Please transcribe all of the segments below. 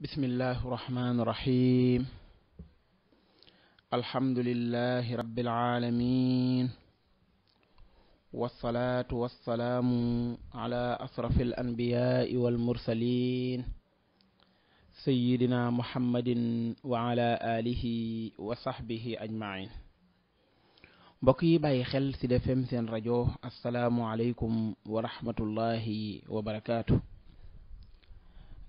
بسم الله الرحمن الرحيم الحمد لله رب العالمين والصلاة والسلام على أشرف الأنبياء والمرسلين سيدنا محمد وعلى آله وصحبه أجمعين بقي باي خل سيدفم سين رجو السلام عليكم ورحمة الله وبركاته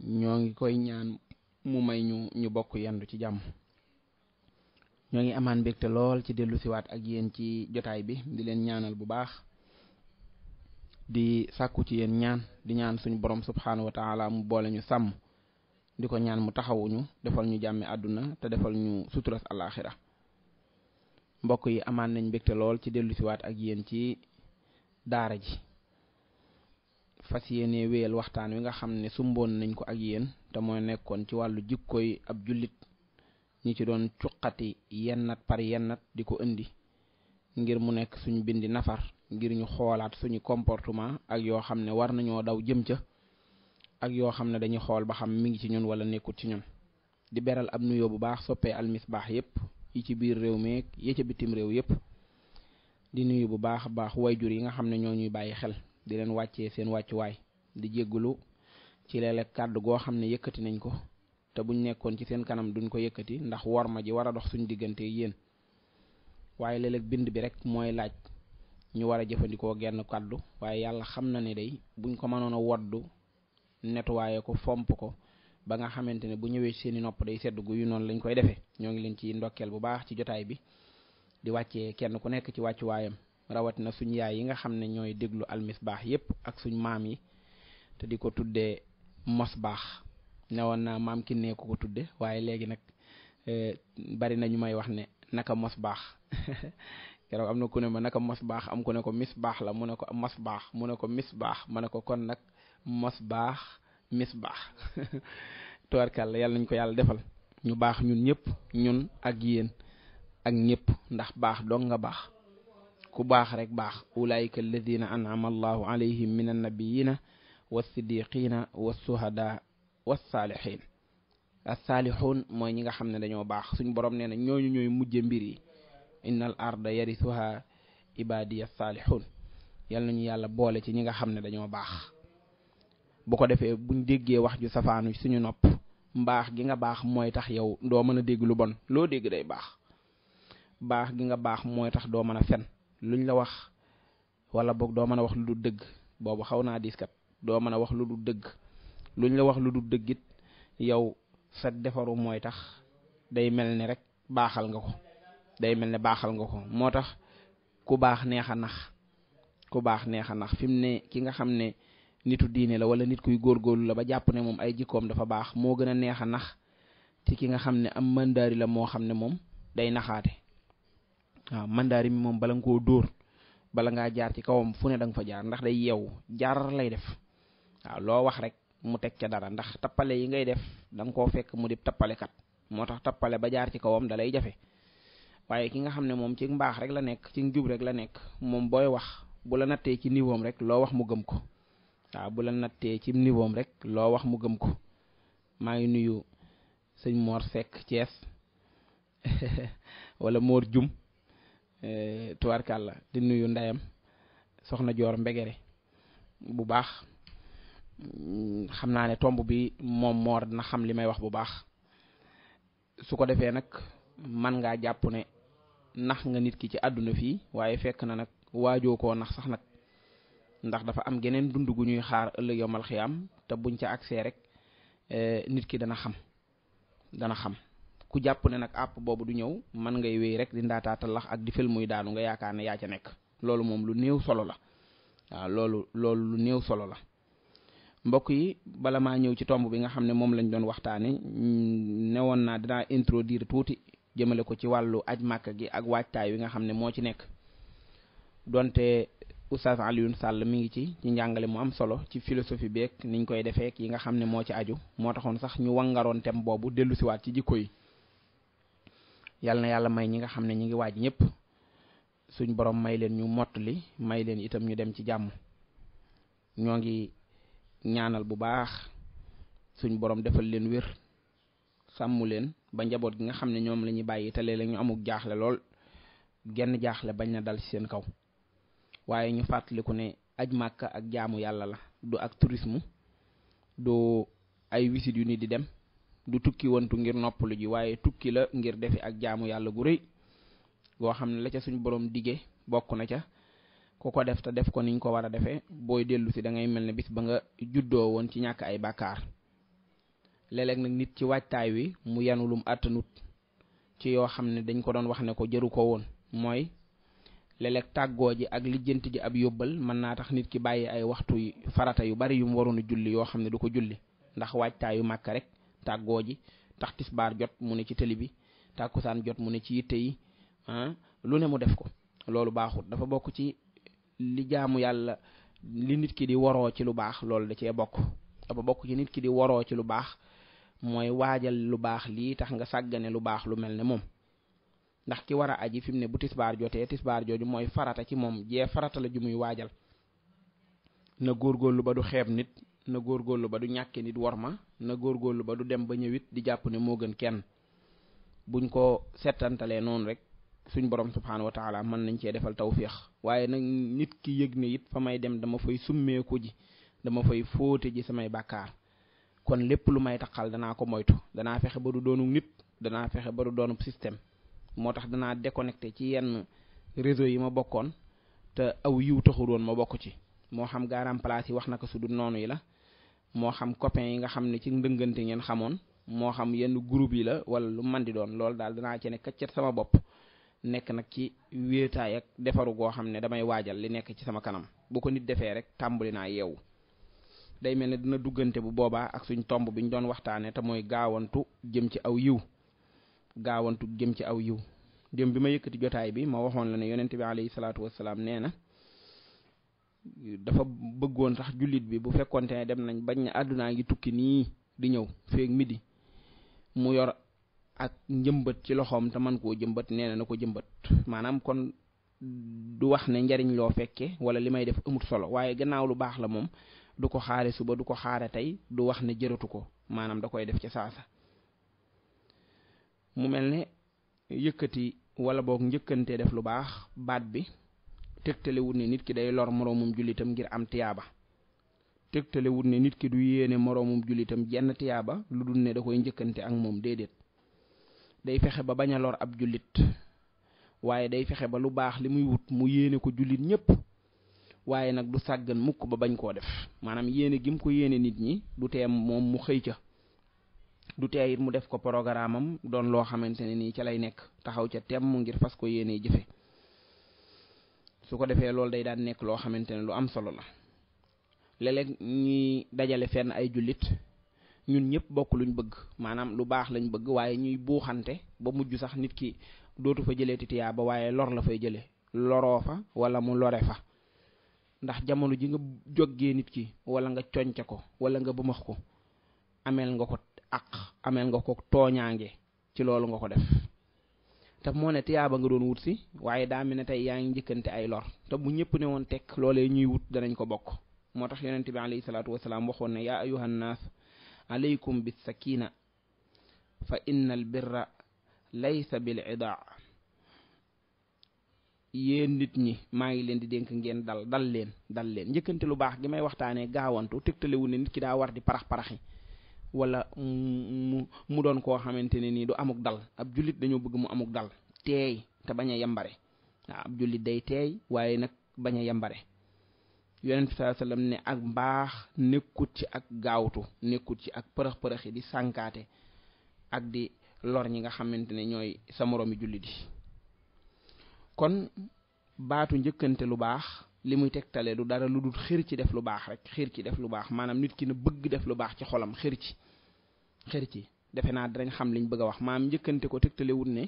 ñoo ngi koy ñaan mu may ñu ñu bokk yendu ci jàmm ñoo ngi amaan mbégte lool ci dellu siwaat ak yéen ci jotaay bi di leen ñaanal bu baax di sàkku ci yéen ñaan di ñaan suñu borom subhaanahu wa mu boole ñu sàmm di ko ñaan mu taxawuñu defal ñu jàmmi àdduna te defal ñu suturas alaxira mbokk yi amaan nañ mbégte lool ci dellu siwaat ak yéen ci daara ji fas yéene wéyal waxtaan wi nga xam ne sumboon nañ ko ak yéen te mooy nekkoon ci wàllu jikkoy ab jullit ñi ci doon cuqati yennat par yennat di ko indi ngir mu nekk suñu bindi nafar ngir ñu xoolaat suñu comportement ak yoo xam ne war nañoo daw jëm ca ak yoo xam ne dañuy xool ba xam mi ngi ci ñun wala nekkut ci ñun di beral ab nuyoo bu baax soppee baax yépp yi ci biir réew meeg yi ca bitim réew yépp di nuyu bu baax a baax jur yi nga xam ne ñoo ñuy bàyyi xel di leen wàccee seen wàccuwaay di jéggulu ci léeg kàddu goo xam ne yëkkati nañ ko te buñ nekkoon ci seen kanam duñ ko yëkkati ndax worma ji war dox suñu diggante yéen waaye léeg-léeg bind bi rek mooy laaj ñu war a jëfandikoo genn kàddu waaye yàlla xam na ne day buñ ko mënoon a woddu nettuwaaye ko fomp ko ba nga xamante ne bu ñëwee seeni nopp day sedd gu yu noonu lañ koy defee ñoo ngi leen ci ndokkeel bu baax ci jotaay bi di wàccee kenn ku nekk ci wàccuwaayam rawatina suñu yaay yi nga xam ne ñooy déglu almis baax yépp ak suñ maam yi te di ko tuddee mos baax ne woon naa maam ki ne ko ko tuddee waaye léegi nag eh, bari na ñu may wax ne naka mos baax keroog am na ku ne ma naka mos baax am ku ne ko mis baax la mu ne ko mos baax mu ne ko mis baax ma ne ko kon nag mos baax mis baax tubarkàl yàlla nañ ko yàlla defal ñu baax ñun ñëpp ñun ak yéen ak ñëpp ndax baax dong nga baax ku baax rek baax ulaayika alladina wa allahu alayhim min annabiyina wassiddiqina wassuhada wassaalihin assaalihun mooy ñi nga xam ne dañoo baax suñ boroom nee na ñooñu ñooy mujje mbir yi innal arda yarisuha ibadiya saalihun yal nañu yàlla boole ci ñi nga xam ne dañoo baax bu ko defee buñ déggee wax ju safaanu suñu nopp mbaax gi nga baax mooy tax yow doo mën a dégg lu bon loo gi nga baax mooy tax doo mën a fen lu ñu la wax wala boog doo mën a wax lu du dëgg boobu xaw naa diis doo mën a wax lu du dëgg luñ la wax lu du dëgg yow sa defaru mooy tax day mel ni rek baaxal nga ko day mel ni baaxal nga ko moo tax ku baax neex a nax ku baax neexa nax fi mu ne ki nga xam ne nitu diine la wala nit kuy góor góorgóorlu la ba jàpp ne moom ay jikkoom dafa baax moo gën a neex a nax ci ki nga xam ne am mandaari la moo xam ne moom day naxaate waaw mandaari mi moom bala nga koo dóor bala ngaa jaar ci kawam fu ne da nga fa jaar ndax day yeewu jaar lay def waaw loo wax rek mu teg ca dara ndax tappale yi ngay def da nga koo fekk mu di tappalekat moo tax tappale ba jaar ci kawam da lay jafe waaye ki nga xam ne moom ci mbaax rek la nekk ci njub rek la nekk moom booy wax bu la nattee ci niveau rek loo wax mu gëm ko waaw bu nattee ci niveau rek loo wax mu gëm ko maa ngi nuyu sëñ moor Seck cees wala moor Jum Eh, la di nuyu ndeyam soxna joor mbegere bu baax mm, xam naa ne tomb bi moom moor na xam li may wax bu baax su ko defee nag man ngaa jàpp ne nax nga nit ki ci àdduna fii waaye fekk na nag waajoo koo nax sax nag ndax dafa am geneen dund gu ñuy xaar ëllëg yomal xiyaam te buñ ca agsee rek eh, nit ki dana xam dana xam ku jàpp ne nag àpp boobu du ñëw man ngay wéy rek di ndaataatal lax ak di fel muy daanu nga yaakaar ne yaa ca nekk loolu moom lu néew solo la waaw loolu lu néew solo la mbokk yi bala maa ñëw ci tomb bi nga xam ne moom lañ doon waxtaane mm, newoon naa dinaa introduire tuuti jëmale ko ci wàllu aj màkk gi ak waajtaay wi nga xam ne moo ci nekk donte Oustaz Alioune Sall mu ngi ci ci njàngale mu am solo ci philosophie beeg niñ koy defee yi nga xam ne moo ci aju moo taxoon sax ñu wangaroon tem boobu dellusiwaat ci jikko yi yàlla na yàlla may ñi nga xam ne ñi ngi waaj ñëpp suñ borom may leen ñu mott li may leen itam ñu dem ci jàmm ñoo ngi ñaanal bu baax suñ borom defal leen wér sàmm leen ba njaboot gi nga xam ne ñoom la ñuy bàyyi te léeg ñu amuk jaaxle lool genn jaaxle bañ na dal ci seen kaw waaye ñu fàttaliku ne aj màkk ak jaamu yàlla la du ak tourisme du ay visite yu ni di dem du tukki wantu ngir noppalu ji waaye tukki la ngir defi ak jaamu yàlla gu rëy goo xam ne la ca suñ borom dige bokk na ca ku ko def te def ko niñ ko war a defee booy dellu si da ngay mel ne bis ba nga juddoo woon ci ñàkk ay bàkkaar léeg nag nit ci waajtaay wi mu yenu lum àttanut ci yoo xam ne dañ ko doon wax ne ko jëru ko woon mooy léeg tàggoo ji ak lijjant ji ab yóbbal mën naa tax nit ki bàyyi ay waxtu farata yu bari yu mu waroon julli yoo xam ne du ko julli ndax waajtaayu màkk rek tàggoo ji tax tisbaar jot mu ne ci tëli bi tàkkusaan jot mu ne ci yitte yi ah, lu ne mu def ko loolu baaxut dafa bokk ci li jaamu yàlla li nit ki di waroo ci lu baax loolu da cee bokk dafa bokk ci nit ki di waroo ci lu baax mooy waajal lu baax lii tax nga sàggane lu baax lu mel ne moom ndax ki war a aji fi mu ne bu tisbaar jotee tisbaar jooju mooy farata ci moom jee farata la ju muy waajal na góorgóorlu ba du xeeb nit na góorgóorlu ba du ñàkke nit war ma na góorgóorlu ba du dem ba ñëwit di jàpp ne moo gën kenn buñ ko setantalee noonu rek suñ borom subhaanahu wa taala mën nañ cee defal tawfiix waaye nag nit ki yëg ne it fa may dem dama fay summeeku ji dama fay fóote ji samay bàkkaar kon lépp lu may taxal danaa ko moytu danaa fexe ba du doonu nit danaa fexe ba du doonub système moo tax danaa déconnecté ci yenn réseau yi ma bokkoon te aw yiw taxuroon ma bokk ci moo xam gaaram yi wax naka su dul noonu yi la moo xam copain yi nga xam ne ci ndëngante ngeen xamoon moo xam yenn groupe yi la wala lu man di doon loolu daal danaa ci ne kaccat sama bopp nekk nag ci wéetaay ak defaru goo xam ne damay waajal li nekk ci sama kanam bu ko nit defee rek tàmbali naa yeewu day mel ne dina duggante bu boobaa ak suñ tomb bi ñu doon waxtaanee te mooy gaawantu jëm ci aw yiw gaawantu jëm ci aw yiw jëm bi ma yëkkati jotaay bi ma waxoon la ne yonent bi alayhi salaatu wasalaam nee na dafa bëggoon sax jullit bi bu fekkoonte ne dem nañ bañ ne àddunaa ngi tukki nii di ñëw feeg midi mu yor ak njëmbat ci loxoom te man koo jëmbat nee na ko jëmbat maanaam kon du wax ne njariñ loo fekke wala li may def amut solo waaye gannaaw lu baax la moom du ko xaare suba du ko xaare tey du wax ne jëratu ko maanaam da koy def ca saasa mu mel ne yëkkati wala boog njëkkantee def lu baax baat bi tegtalewut ne nit ki day lor moroomum jullitam ngir am tiyaaba tegtalewut ne nit ki du yéene moroomum jullitam jenn tiyaaba lu dul ne da koy njëkkante ak moom déedéet day fexe ba bañ a lor ab jullit waaye day fexe ba lu baax li muy wut mu yéene ko jullit ñépp waaye nag du sàggan mukk ba bañ koo def maanaam yéene gi mu ko yéene nit ñi du tee moom mu xëy ca du tee it mu def ko programme am doon loo xamante ne nii ca lay nekk taxaw ca tem ngir fas ko yéene jëfe su ko defee loolu day daan nekk loo xamante ne lu am solo la léeg-léeg ñuy dajale fenn ay jullit ñun ñëpp bokk luñ bëgg maanaam lu baax lañ bëgg waaye ñuy buuxante ba mujj sax nit ki dootu fa jëlee titiyaa ba waaye lor la fay jëlee loroo fa wala mu lore fa ndax jamono ji nga jóggee nit ki wala nga conce ko wala nga bëmax ko ameel nga ko ak ameel nga ko tooñaange ci loolu nga ko def te moo ne tiyaaba nga doon wut si waaye daa mi ne tey yaa ngi njëkkante ay lor te bu ñëpp ne woon tekk loolee ñuy wut danañ ko bokk moo tax yonente bi alayhi salaatu wasalaam waxoon ne yaa ayuha nnaas alaykum bisakina fa inna al birra laysa bil idaa yéen nit ñi maa ngi leen di dénk ngeen dal dal leen dal leen njëkkante lu baax gi may waxtaanee gaawantu tegtalewu ne nit ki daa war di parax-paraxi wala mu doon koo xamante ne nii du amuk dal ab jullit dañoo bëgg mu amuk dal teey te bañ a yambare waaw ab jullit day teey waaye nag bañ a yambare yonent bi sallallahu ne ak mbaax nekkut ci ak gaawtu nekkut ci ak përëx di sànkaate ak di lor ñi nga xamante ne ñooy sa moroomi jullit yi kon baatu njëkkante lu baax li muy tegtale du dara lu dul xir ci def lu baax rek xir ci def lu baax maanaam nit ki na bëgg def lu baax ci xolam xir ci xër ci defe naa dinañ xam liñ bëgg wax maam njëkkante ko tegtalewut ne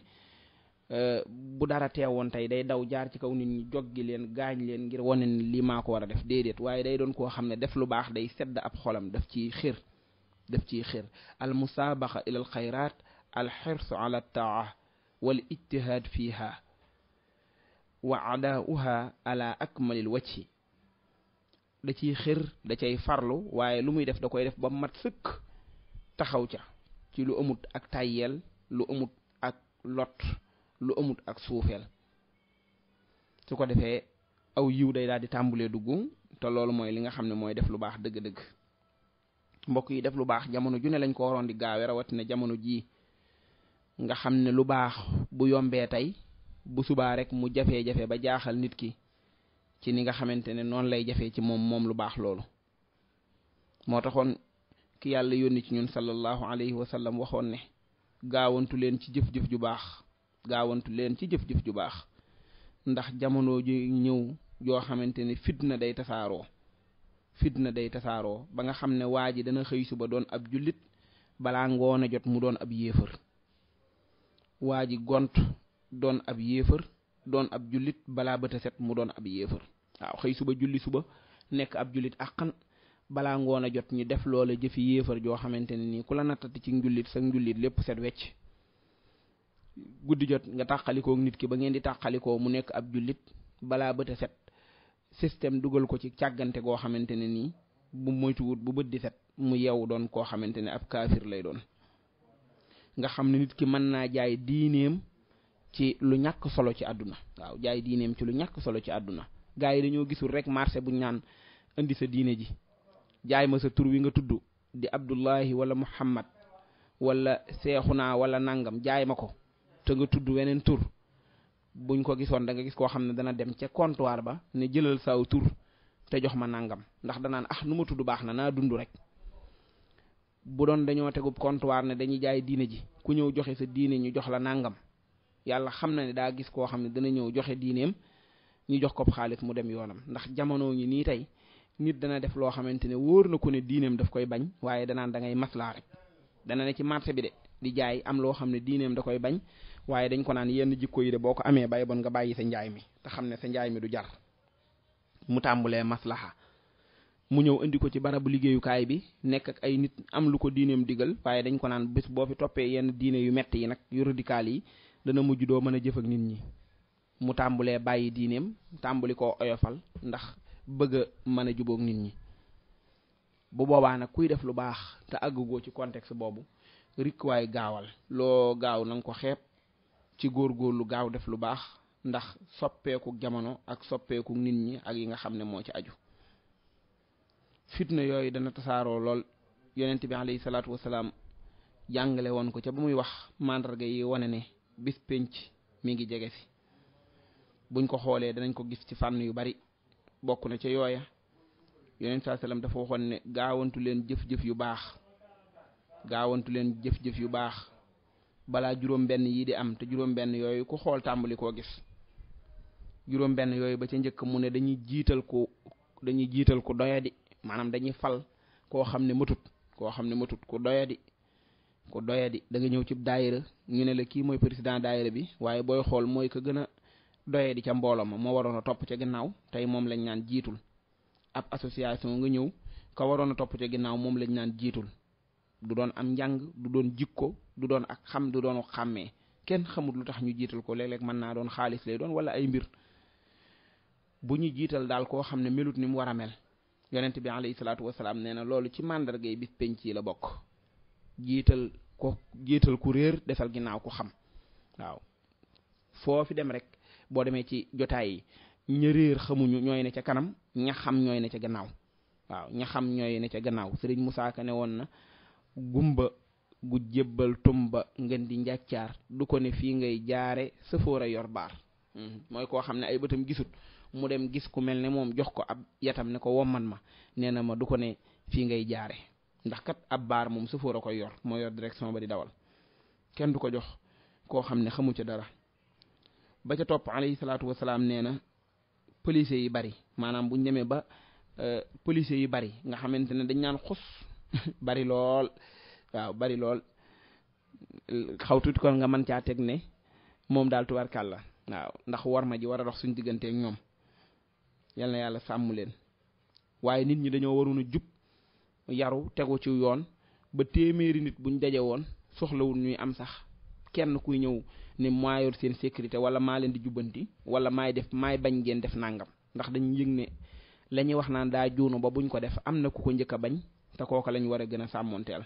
euh, bu dara teewoon tey day daw jaar ci kaw nit ñi jog leen gaañ leen ngir wane lii maa ko war a def déedéet waaye day doon koo xam ne def lu baax day sedd ab xolam daf ciy xër daf ciy xër al musaabaqa ila al xayraat al xirsu ala taa wal ijtihaad fiha wa adaauha da ciy xër da cay farlu waaye lu muy def da koy def ba mat sëkk taxaw ca ci lu amut ak tayyeel lu amut ak lot lu amut ak suufeel su ko defee aw yiw day daal di tàmbulee dugg te loolu mooy li nga xam ne mooy def lu baax dëgg-dëgg mbokk yi def lu baax jamono ju ne lañ ko waroon di gaawe rawatina jamono jii nga xam ne lu baax bu yombee tey bu subaa mu jafee-jafe ba jaaxal nit ki ci ni nga xamante ne noonu lay jafee ci moom moom lu baax loolu moo taxoon ki yàlla yónni ci ñun sallallahu alayhi wa sallam waxoon ne gaawantu leen ci jëf-jëf ju baax gaawantu leen ci jëf-jëf ju baax ndax jamono ju ñëw joo xamante ni ne fitna day tasaaroo na day tasaaroo ba nga xam ne waa ji dana xëy suba doon ab jullit balaa ngoon a jot mu doon ab yéefar waa ji gont doon ab yéefar doon ab jullit balaa bët set mu doon ab yéefar waaw xëy suba julli suba nekk ab jullit àqan balaa ngoon a jot ñu def loola jëfi yéefar joo xamante ne nii ku la nattati ci njullit sa njullit lépp set wecc guddi jot nga tàqalikook nit ki ba ngeen di tàqalikoo mu nekk ab julit balaa bët a set système dugal ko ci càggante goo xamante ne nii bu moytuwut bu bët di set mu yeewu doon koo xamante ne ab kaafir lay doon nga xam ne nit ki mën naa jaay diineem ci lu ñàkk solo ci àdduna waaw jaay diineem ci lu ñàkk solo ci àdduna gars yi dañoo gisul rek marché bu ñaan indi sa diine ji jaay ma sa tur wi nga tudd di Abdullahi wala Muhammad seexu naa wala nangam jaay ma ko te nga tudd weneen tur buñ ko gisoon da nga gis koo xam ne dana dem ca comptoir ba ne jëlal saw tur te jox ma nangam ndax danaan ah, nu ma tudd baax na naa dund rek bu doon dañoo tegub comptoir ne dañuy jaay diine ji ku ñëw joxe sa diine ñu jox la nàngam yàlla xam na ne daa gis koo xam ne dana ñëw joxe diineem ñu jox ko xaalis mu dem yoonam ndax jamono ñi nii tey nit dana def loo xamante ne wóor na ko ne diineem daf koy bañ waaye danaan da ngay maslaa rek dana ne ci marché bi de di jaay am loo xam ne diineem da koy bañ waaye dañ ko naan yenn jikko yi de boo ko amee bay bon nga bàyyi sa njaay mi te xam ne sa njaay mi du jar mu tàmbulee maslaha mu ñëw indi ko ci barabu liggéeyukaay bi nekk ak ay nit am lu ko diineem diggal waaye dañ ko naan bés boo fi toppee yenn diine yu metti yi nag yu radical yi dana mujj doo mën a jëf ak nit ñi mu tàmbulee bàyyi diineem tàmbuli koo oyofal ndax bëgg a mën a jubóog nit ñi bu boobaa nag kuy def lu baax te àggugoo ci contexte boobu rikkuwaay gaawal loo gaaw na nga ko xeep ci góor góor lu gaaw def lu baax ndax soppeeku jamono ak soppeeku nit ñi ak yi nga xam ne moo ci aju fitna yooyu dana tasaaroo lool yonent bi alayhi salaatu wasalaam jàngale woon ko ca ba muy wax màndarga yi wane ne bis pénc mi ngi jege si buñ ko xoolee danañ ko gis ci fànn yu bari bokk na ca yooya yeneen saa salaam dafa waxoon ne gaawantu leen jëf-jëf yu baax gaawantu leen jëf-jëf yu baax balaa juróom-benn yii di am te juróom-benn yooyu ku xool tàmbali koo gis juróom-benn yooyu ba ca njëkk mu ne dañuy jiital ko dañuy jiital ko doyadi maanaam dañuy fal koo xam ne matut koo xam ne matut ku doyadi ku doyadi da nga ñëw ci daayira ñu ne la kii mooy président daayira bi waaye booy xool mooy ka gën doyee di ca mbooloo ma moo waroon a topp ca ginnaaw tey moom lañ naan jiitul ab association nga ñëw ka waroon a topp ca ginnaaw moom lañ naan jiitul du doon am njàng du doon jikko du doon ak xam du doon xàmmee kenn xamut lu tax ñu jiital ko léeg-léeg mën naa doon xaalis lay doon wala ay mbir bu ñu jiital daal koo xam ne melut ni mu war a mel yonent bi alayhi salaatu wasalaam nee na loolu ci màndargay bis penc yi la bokk jiital ko jiital ku réer defal ginnaaw ko xam boo demee ci jotaay yi ña xamuñu ñooy ne ca kanam ña xam ñooy ne ca gannaaw waaw ña xam ñooy ne ca gannaaw sëriñ Moussa Ka ne woon na gumba gu jébbal tumba ngeen di njàccaar du ko ne fii ngay jaare sëfoor a yor baar hmm, mooy koo xam ne ay bëtam gisut mu dem gis ku mel ne moom jox ko ab yatam ne ko womman ma nee na ma du ko ne fii ngay jaare ndax kat ab baar moom sëfoor a koy yor moo yor direction ba di dawal kenn du ko jox koo xam ne xamu ca dara ba ca topp alayhi salaatu wasalaam nee na police yi bari maanaam bu ñu demee ba euh, police yi bari nga xamante ne dañ naan xus bari lool waaw bari lool xaw tuuti kon nga mën caa teg ne moom daal tubarkàl la waaw ndax ma ji war a dox suñ digganteeg ñoom yal na yàlla sàmm leen waaye nit ñi dañoo waroon jub yaru tegu ci yoon ba téeméeri nit buñ dajee woon soxlawul ñuy am sax kenn kuy ñëw ne maa seen sécurité wala maa leen di jubbanti wala maay def maay bañ geen def nangam ndax dañu yëg ne la ñuy wax naan daa juunu ba buñ ko def am na ku ko njëkk a bañ te kooka lañu war a gën a sàmmonteel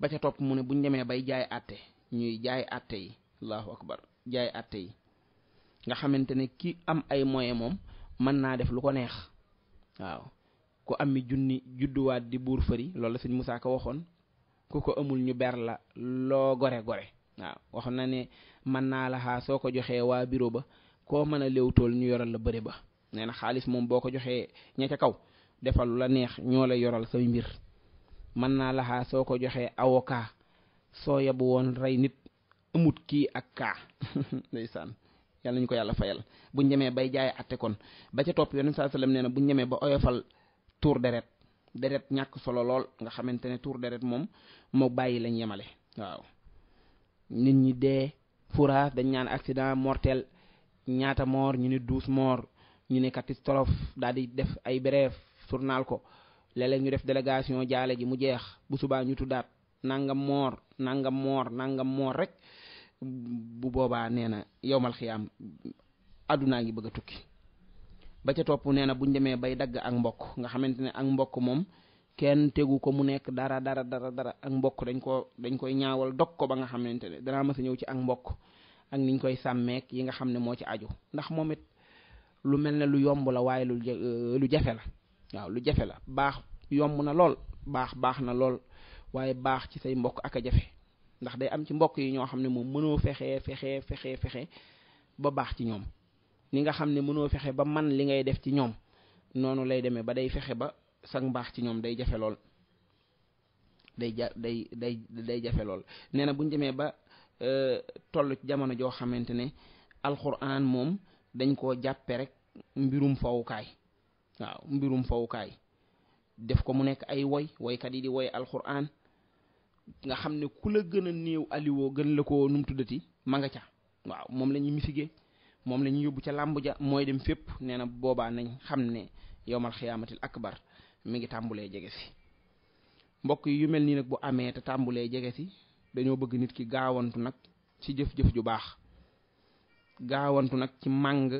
ba ca topp mu ne buñ demee bay jaay àtte ñuy jaay àtte yi allahu akbar jaay àtte yi nga xamante ne ki am ay moyen moom mën naa def lu ko neex waaw ku am mi junni judduwaat di buur fëri loolu la sëñ Musaa ko waxoon ku ko amul ñu ber la loo gore gore waaw wax na ne mën naa la soo ko joxee waa bureau ba koo mën a léewtool ñu yoral la bëri ba nee na xaalis moom boo ko joxee ña kaw defalu la neex ñoo la yoral say mbir mën naa laxaa soo ko joxee avocat soo yebu woon rey nit amut kii ak kaa ndeysaan yàlla ñu ko yàlla fayal buñ demee bay jaay atte kon ba ca topp yonent saa sallam nee na buñ demee ba oyofal tuur deret deret ñàkk solo lool nga xamante ne tour deret moom moo bàyyi lañ yemale waaw nit ñi dee fourage dañ ñaan accident mortel ñaata moor ñu ne douze moor ñu ne catastrophe daal di def ay bref journal ko léeg-léeg ñu def délégation jaale ji mu jeex bu subaa ñu tuddaat nangam moor nangam moor nangam moor rek bu boobaa nee na yowmal xiyaam àddunaa ngi bëgg a tukki ba ca topp nee na buñ demee bay dagg ak mbokk nga xamante ne ak mbokk moom kenn tegu ko mu nekk dara dara dara dara ak mbokk dañ ko dañ koy ñaawal dog ko ba nga xamante ne danaa mas a ñëw ci ak mbokk ak niñ koy sàmmeek yi nga xam ne moo ci aju ndax moom it lu mel ne lu yomb la waaye lu euh, lu jafe la waaw lu jafe la baax yomb na lool baax baax na lool waaye baax ci say mbokk ak jafe ndax day am ci mbokk yi ñoo xam ne moom mënoo fexe fexe fexe fexe ba baax ci ñoom ni nga xam ne mënoo fexe ba man li ngay def ci ñoom noonu lay demee ba day fexe ba sag mbaax ci ñoom day jafe lool day ja day day day jafe lool nee na bu demee ba euh, toll ci jamono joo xamante ne alxuraan moom dañ koo jàppe rek mbirum fawukaay waaw mbirum fawukaay def ko mu nekk ay woy woykat yi di woy alxuraan nga xam ne ku la gën a néew aliwoo gën la ko num tuddati ma nga ca waaw moom la ñuy misigee moom la yóbbu ca làmb ja mooy dem fépp nee na boobaa nañ xam ne yowmal xiyaamatil akbar mi ngi tàmbulee jege si mbokk yi yu mel nii nag bu amee te tàmbulee jege si dañoo bëgg nit ki gaawantu nag ci jëf-jëf ju baax gaawantu nag ci màng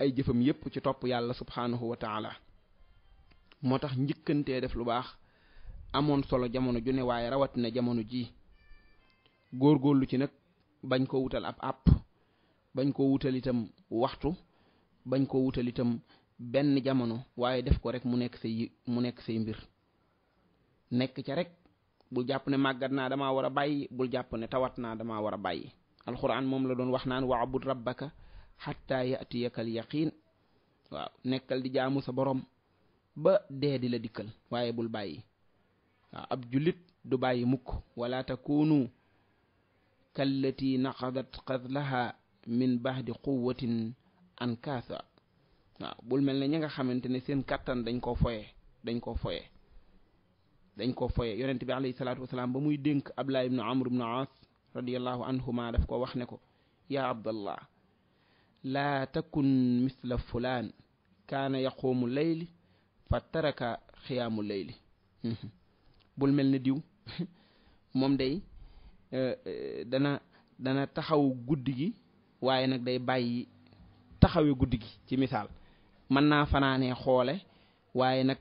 ay jëfam yépp ci topp yàlla subhaanahu wa taala moo tax njëkkantee def lu baax amoon solo jamono ju ne waaye rawatina jamono góor góorlu ci nag bañ ko wutal ab àpp bañ koo wutal itam waxtu bañ koo wutal itam benn jamono waaye def ko rek mu nekk say mu nekk say mbir nekk ca rek bul jàpp ne màggat naa dama war a bàyyi bul jàpp ne tawat naa damaa war a bàyyi alxuraan moom la doon wax naan waabud rabbaka xatta yatiyakal yaqiin waaw nekkal di jaamu sa borom ba dee di la dikkal waaye bul bàyyi waaw ab jullit du bàyyi mukk wala takunu kallati naqadat qadlaha min ba'di quwwatin ankaasa waaw bul mel ne ñi nga xamante ne seen kattan dañ koo foye dañ koo foye dañ koo foye yonent bi alayhi salaatu wasalaam ba muy dénk Abdullah ibnu Amr ibnu Aas radiyallahu anhuma daf ko wax ne ko yaa Abdallah laa takun misla fulaan kaana yaquumu layli fa taraka xiyaamu layli bul mel ne diw moom day euh, euh, dana dana taxaw guddi gi waaye nag day bàyyi taxawe guddi gi ci misaal mën naa fanaanee xoole waaye nag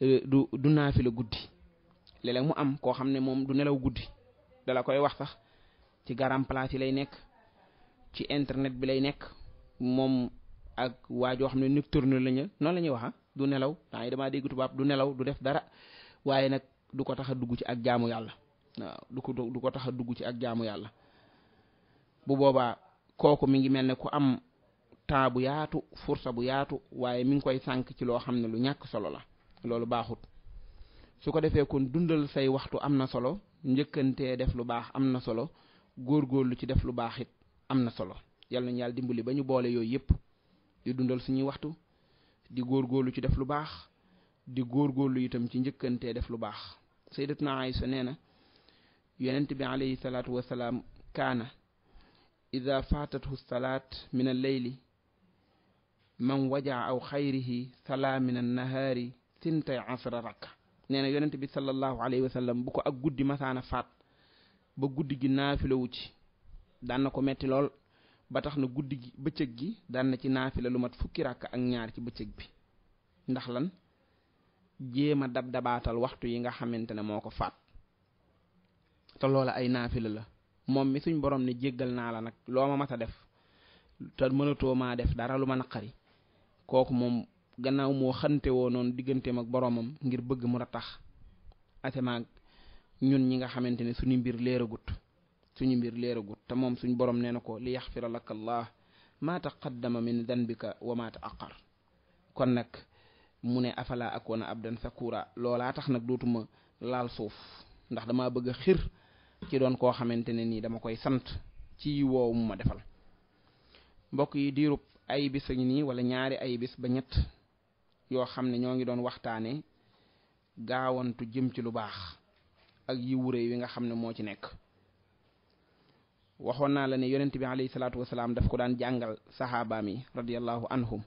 e, du du naafi la guddi léeg mu am koo xam ne moom du nelaw guddi dala koy wax sax ci garam place yi lay nekk ci internet bi lay nekk moom ak waa joo xam ne nocturne la ñu noonu la ñuy wax ah, du nelaw temps yi damaa dégg tubaab du nelaw du def dara waaye nag du ko tax dugg ci ak jaamu yàlla waaw du ko du ko tax a dugg ci ak jaamu yàlla bu boobaa kooku mi ngi mel ne ku am temps bu yaatu fursa bu yaatu waaye mi ngi koy sànq ci loo xam ne lu ñàkk solo la loolu baaxut su ko defee kon dundal say waxtu am na solo njëkkantee def lu baax am na solo góor góorgóorlu ci def lu baax it am na solo yal nañu dimbali ba ñu boole yooyu yépp di dundal suñuy waxtu di góorgóorlu ci def lu baax di góorgóorlu itam ci njëkkantee def lu baax sayyidatuna Aïsa nee na yonent bi alayhi salaatu wasalaam kaana ida faatathu salaat min alleyli man wajaa aw xayrihi salaa min annahaari sintay asra rakka nee na yonent bi sallallahu alayhi bu ko ak guddi masaana faat ba guddi gi naafilawu ci daan na ko metti lool ba tax na guddi gi bëccëg gi daan na ci naafila lu mat fukki rakk ak ñaar ci bëccëg bi ndax lan jéema a dab dabaatal waxtu yi nga xamante ne moo ko faat te loola ay naafila la moom mi suñ borom ne jéggal naa la nag loo ma mas a def te mënatoo maa def dara lu ma naqari kooku moom gannaaw moo xante woo noonu digganteem ak boromam ngir bëgg mu ratax asemaag ñun ñi nga xamante ne suñu mbir leeragut suñu mbir leeragut te moom suñ borom nee na ko li yaxfira laka allah ma taqaddama min danbika wa ma taaqar kon nag mu ne afala akoona abdan sakura loolaa tax nag dootuma laal suuf ndax dama bëgg a ci doon koo xamante ne nii dama koy sant ci woowu ma defal mbokk yi diirub ay bis a nii wala ñaari ay bis ba ñett yoo xam ne ñoo ngi doon waxtaane gaawantu jëm ci lu baax ak yi wuré wi nga xam ne moo ci nekk waxoon naa la ne yonent bi alayhi salaatu wasalaam daf ko daan jàngal saxaabaam yi radiallahu anhum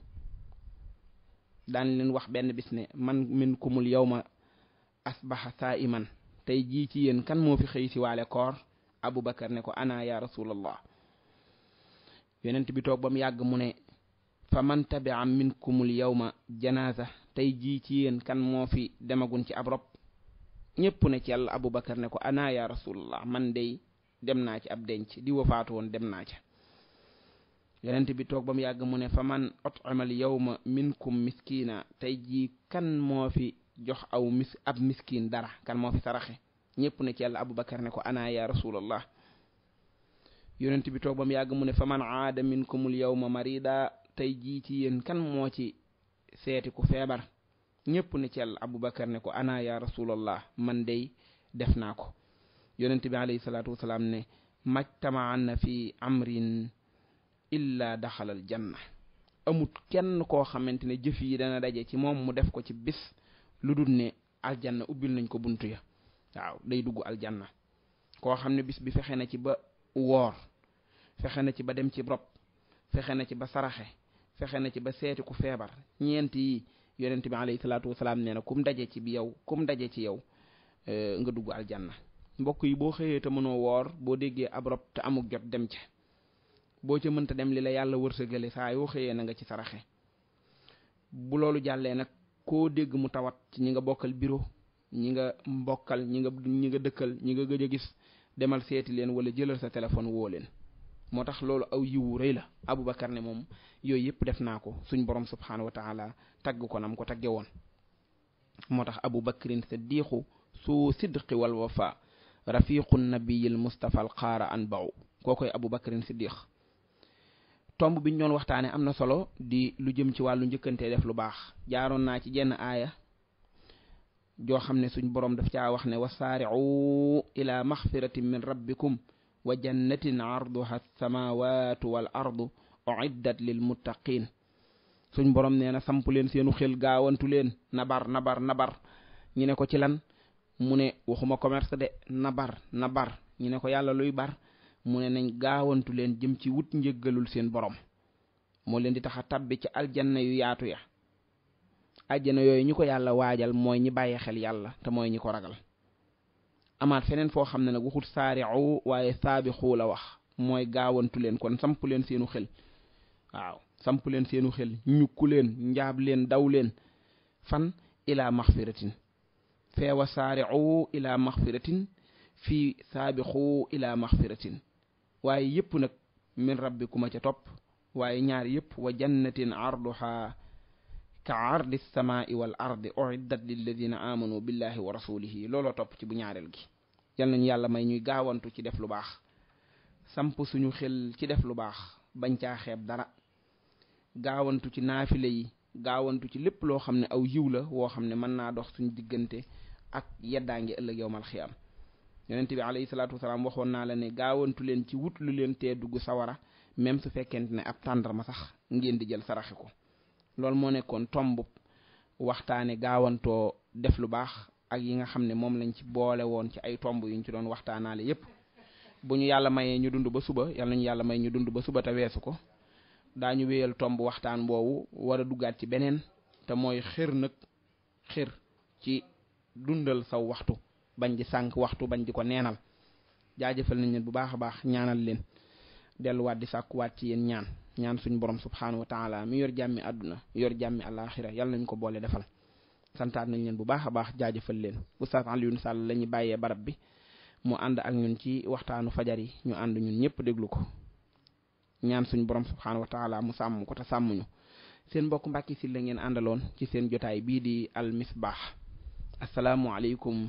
daan leen wax benn bis ne man minkumul yawma asbaha saa iman tey jii ci yéen kan moo fi xëy si waale koor abubakar ne ko ana ya rasulallah yonent bi toog ba mu yàgg mu ne fa man tabia minkumul yawma janaasa tey jii ci yéen kan moo fi demagun ci ab rob ñépp ne ci yàlla abubakar ne ko ana ya rasulallah man dey dem naa ci ab denc di wafaatu woon dem naa ca yonent bi toog ba mu yàgg mu ne fa man otimal yawma minkum miskina tey jii kan moo fi jox aw mis ab miskin dara kan moo fi saraxe ñëpp ne ci yàlla abubakar ne ko ana ya rasulallah yonent bi toog ba mu yàgg mu ne fa man aada minkumul yawma marida tey jii ci yéen kan moo ci seeti ku feebar ñépp ne ci yàlla abubakar ne ko ana ya rasulallah man dey def naa ko yonent bi alayhi salaatu wasalaam ne majtamaanna fi amrin illa daxalal janna amut kenn koo xamante ne jëf yi dana daje ci moom mu def ko ci bis lu dul ne aljanna ubbil nañ ko buntu ya waaw day dugg aljanna koo xam ne bis bi fexe na ci ba woor fexe na ci ba dem ci rob fexe na ci ba saraxe fexe na ci ba seeti ku feebar ñeenti yi yonent bi alayhi salaatu nee na kum daje ci bi yow kum daje ci yow euh, nga dugg aljanna mbokk yi boo xëyee te mënoo woor boo déggee ab rob te amul jot dem ca boo ca mënta dem li la yàlla wërsëgale saa yoo xëyee na nga ci saraxe bu loolu jàllee nag koo dégg mu tawat ci ñi nga bokkal bureau ñi nga mbokkal ñi nga nga dëkkal ñi nga gëj a gis demal seeti leen wala jëlal sa téléphone woo leen moo tax loolu aw yiwu rëy la Aboubacar ne moom yooyu yëpp def naa ko suñ borom subhaanahu wa taala tagg ko nam ko tagge woon moo tax Aboubacrin siddiqu suu sidqi wal wafa rafiqu nabiyil mustafa al qaara an ba'u koo koy Aboubacrin siddiq tomb bi ñu doon waxtaanee am na solo di lu jëm ci wàllu njëkkante def lu baax jaaroon naa ci jenn aaya joo xam ne suñ borom daf caa wax ne wasaari'u ila maxfiratin min rabbikum wa jannatin arduha alsamawatu wal ardu uiddat lil muttaqin suñ borom nee na samp leen seenu xel gaawantu leen nabar nabar nabar ñu ne ko ci lan mu ne waxuma commerce de nabar nabar ñu ne ko yàlla luy bar mu ne nañ gaawantu leen jëm ci wut njëggalul seen borom moo leen di tax a tabbi ci aljana yu yaatu ya aljanna yooyu ñi ko yàlla waajal mooy ñi bàyyi xel yàlla te mooy ñi ko ragal amaat feneen foo xam ne nag saari saari'u waaye saabixu la wax mooy gaawantu leen kon samp leen seenu xel waaw samp leen seenu xel ñukk leen njaab leen daw leen fan ila maxfiratin feewa saari'u ila maxfiratin fii saabi saabixu ila maxfiratin waaye yëpp nag min rabbikuma ca topp waaye ñaar yëpp wa jannatin arduha ka ardi samaai wal ardi uiddat lilladina amanu billahi wa rasulihi looloo topp ci bu ñaareel gi yal nañu yàlla may ñuy gaawantu ci def lu baax samp suñu xel ci def lu baax bañ caa xeeb dara gaawantu ci naafile yi gaawantu ci lépp loo xam ne aw yiw la woo xam ne mën naa dox suñu diggante ak yeddaange ëllëg yowmal xiyaam yonent bi alayhi salaatu wasalaam waxoon naa la ne gaawantu leen ci wut leen tee dugg sawara même su fekkente ne ab tàndarma sax ngeen di jël saraxe ko loolu moo nekkoon tomb waxtaane gaawantoo def lu baax ak yi nga xam ne moom lañ ci boole woon ci ay tomb yuñ ci doon waxtaanaale yépp bu ñu yàlla mayee ñu dund ba suba yàlla ñu yàlla may ñu dund ba suba te weesu ko daañu wéyal tomb waxtaan boobu war a duggaat ci beneen te mooy xër nag xir ci dundal saw waxtu bañ di sànq waxtu bañ di ko neenal jaajëfal nañ leen bu baax a baax ñaanal leen delluwaat di waat ci yéen ñaan ñaan suñu borom subxanahu wa taala mi yor jàmmi àdduna yor jàmmi àllaaxira yàlla nañ ko boole defal santaat nañ leen bu baax a baax jaajëfal leen oustaz Alioune Sall la bàyyee barab bi mu ànd ak ñun ci waxtaanu fajar yi ñu ànd ñun ñëpp déglu ko ñaan suñu borom subxanahu wa taala mu sàmm ko te sàmmuñu seen mbokk Mbàkke si la ngeen àndaloon ci seen jotaay bii di Al Misbah asalaamualeykum.